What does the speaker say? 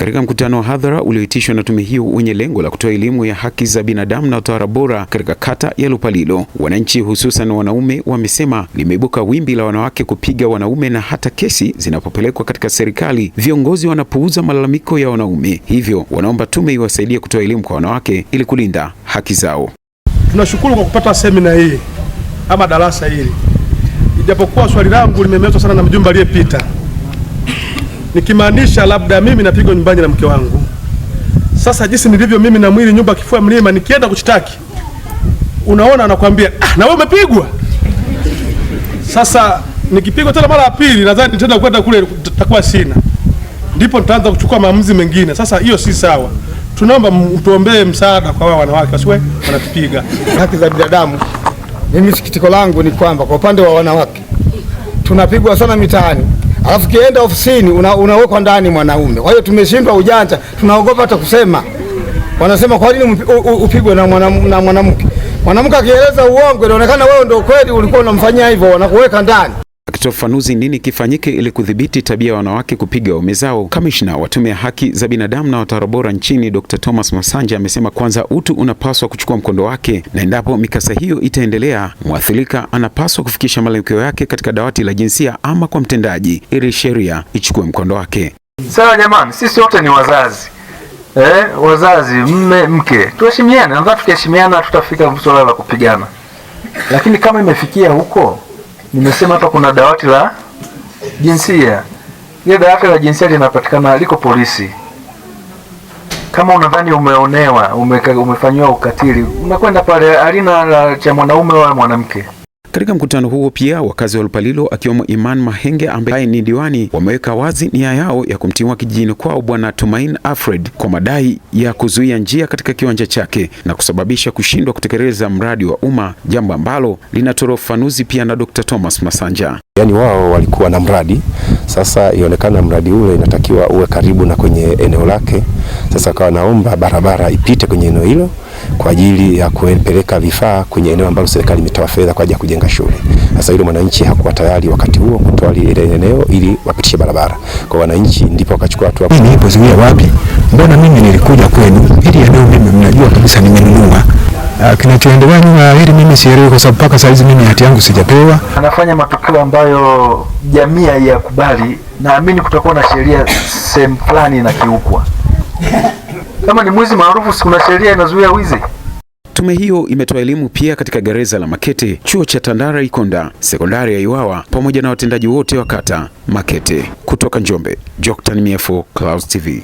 Katika mkutano wa hadhara ulioitishwa na tume hiyo wenye lengo la kutoa elimu ya haki za binadamu na utawala bora katika kata ya Lupalilo, wananchi hususan wanaume wamesema limeibuka wimbi la wanawake kupiga wanaume na hata kesi zinapopelekwa katika serikali viongozi wanapuuza malalamiko ya wanaume, hivyo wanaomba tume iwasaidie kutoa elimu kwa wanawake ili kulinda haki zao. Tunashukuru kwa kupata semina hii ama darasa hili, ijapokuwa swali langu limemezwa sana na mjumbe aliyepita nikimaanisha labda mimi napigwa nyumbani na mke wangu. Sasa jinsi nilivyo mimi na mwili nyumba kifua mlima, nikienda kuchitaki, unaona anakuambia ah, na wewe umepigwa. Sasa nikipigwa tena mara ya pili, nadhani nitaenda kwenda kule takuwa sina, ndipo nitaanza kuchukua maamuzi mengine. Sasa hiyo si sawa. Tunaomba mtuombee msaada kwa wao wanawake wasiwe wanatupiga haki za binadamu. Mimi sikitiko langu ni kwamba kwa upande wa wanawake tunapigwa sana mitaani alafu kienda ofisini una, unawekwa ndani mwanaume. Kwa hiyo tumeshindwa ujanja, tunaogopa hata kusema. Wanasema kwa nini upigwe na mwanamke? Mwanamke akieleza uongo inaonekana wewe ndio kweli ulikuwa unamfanyia hivyo, wanakuweka ndani akitoa ufafanuzi nini kifanyike ili kudhibiti tabia ya wanawake kupiga waume zao. Kamishna wa Tume ya Haki za Binadamu na Watawala Bora nchini Dr. Thomas Masanja amesema kwanza, utu unapaswa kuchukua mkondo wake, na endapo mikasa hiyo itaendelea, mwathirika anapaswa kufikisha malalamiko yake katika dawati la jinsia ama kwa mtendaji, ili sheria ichukue mkondo wake. Sawa jamani, sisi wote ni wazazi eh, wazazi mme mke, tuheshimiane. Nadhani tukiheshimiana tutafika suala la kupigana, lakini kama imefikia huko Nimesema hapa kuna dawati la jinsia. Ile dawati la jinsia linapatikana liko polisi. Kama unadhani umeonewa, ume, umefanyiwa ukatili, unakwenda pale alina la cha mwanaume au mwanamke. Katika mkutano huo pia wakazi wa Lupalilo akiwemo Iman Mahenge ambaye ni diwani wameweka wazi nia yao ya kumtimua kijijini kwao Bwana Tumaini Alfred kwa madai ya kuzuia njia katika kiwanja chake na kusababisha kushindwa kutekeleza mradi wa umma, jambo ambalo linatoa ufafanuzi pia na Dr. Thomas Masanja. Yaani wao walikuwa na mradi sasa, ionekana mradi ule inatakiwa uwe karibu na kwenye eneo lake. Sasa akawa naomba barabara ipite kwenye eneo hilo kwa ajili ya kupeleka vifaa kwenye eneo ambalo serikali imetoa fedha kwa ajili ya kujenga shule. Sasa hilo mwananchi hakuwa tayari wakati huo kutoa ile eneo ili wapitishe barabara. Kwa wananchi ndipo wakachukua hatua. Mimi nipo zingia wapi? Mbona mimi nilikuja kwenu? Ili eneo mimi mnajua kabisa nimenunua. Ah, kinachoendelea nyuma hili mimi sielewi kwa sababu mpaka saizi mimi hati yangu sijapewa. Anafanya matukio ambayo jamii haiyakubali. Naamini kutakuwa na sheria sehemu fulani inakiukwa. Kama ni mwizi maarufu, kuna sheria inazuia wizi. Tume hiyo imetoa elimu pia katika gereza la Makete, chuo cha Tandara Ikonda, sekondari ya Iwawa pamoja na watendaji wote wa kata Makete. Kutoka Njombe, Joctan Miefo, Clouds TV.